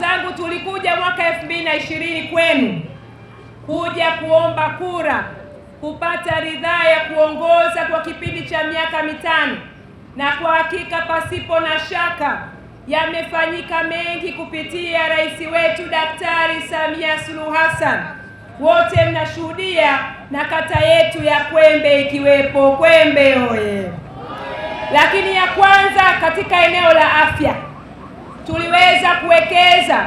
zangu, tulikuja mwaka elfu mbili na ishirini kwenu kuja kuomba kura kupata ridhaa ya kuongoza kwa kipindi cha miaka mitano, na kwa hakika pasipo na shaka yamefanyika mengi kupitia rais wetu Daktari Samia Suluhu Hassan. Wote mnashuhudia na kata yetu ya Kwembe ikiwepo. Kwembe oye! Lakini ya kwanza katika eneo la afya tuliweza kuwekeza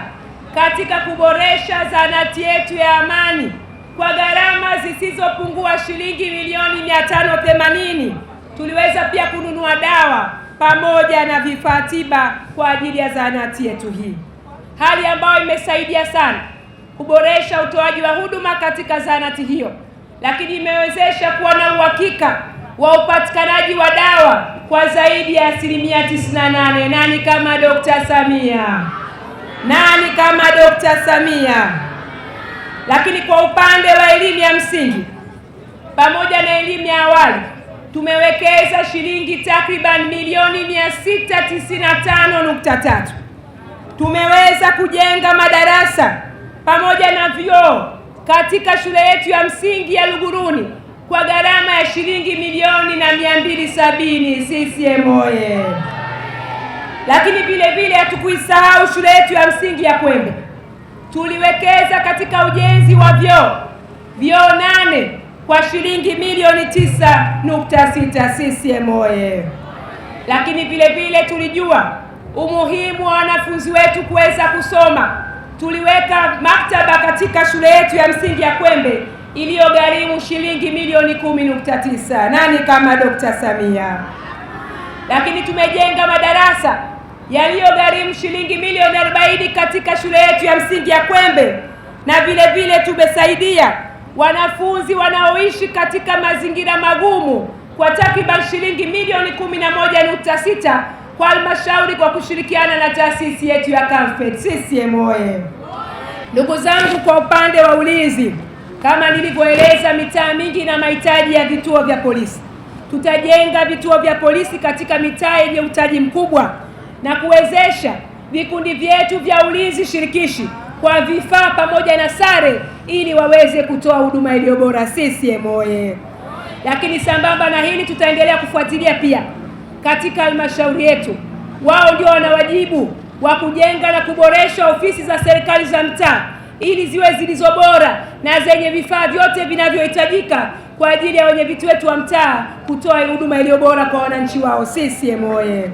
katika kuboresha zahanati yetu ya Amani kwa gharama zisizopungua shilingi milioni 580. Tuliweza pia kununua dawa pamoja na vifaa tiba kwa ajili ya zahanati yetu hii, hali ambayo imesaidia sana kuboresha utoaji wa huduma katika zahanati hiyo, lakini imewezesha kuwa na uhakika wa upatikanaji wa dawa kwa zaidi ya asilimia 98. Nani kama dokt Samia? Nani kama Dr. Samia? Lakini kwa upande wa elimu ya msingi pamoja na elimu ya awali tumewekeza shilingi takriban milioni 695.3. Tumeweza kujenga madarasa pamoja na vyoo katika shule yetu ya msingi ya Luguruni kwa gharama ya shilingi milioni na mbili sabini CCM oye! Lakini vile vile hatukuisahau shule yetu ya msingi ya Kwembe, tuliwekeza katika ujenzi wa vyoo vyoo nane kwa shilingi milioni tisa nukta sita CCM oye! Lakini vile vile tulijua umuhimu wa wanafunzi wetu kuweza kusoma, tuliweka maktaba katika shule yetu ya msingi ya Kwembe iliyogharimu shilingi milioni kumi nukta tisa. Nani kama Dr. Samia? Lakini tumejenga madarasa yaliyogharimu shilingi milioni arobaini katika shule yetu ya msingi ya Kwembe, na vile vile tumesaidia wanafunzi wanaoishi katika mazingira magumu kwa takriban shilingi milioni kumi na moja nukta sita kwa halmashauri kwa kushirikiana na taasisi yetu ya CAMFED. CCM oye! Ndugu zangu, kwa upande wa ulinzi kama nilivyoeleza, mitaa mingi ina mahitaji ya vituo vya polisi. Tutajenga vituo vya polisi katika mitaa yenye utaji mkubwa na kuwezesha vikundi vyetu vya ulinzi shirikishi kwa vifaa pamoja na sare ili waweze kutoa huduma iliyo bora. CCM oye! Lakini sambamba na hili, tutaendelea kufuatilia pia katika halmashauri yetu, wao ndio wana wajibu wa kujenga na kuboresha ofisi za serikali za mtaa ili ziwe zilizo bora na zenye vifaa vyote vinavyohitajika kwa ajili ya wenyeviti wetu wa mtaa kutoa huduma iliyo bora kwa wananchi wao. CCM oye!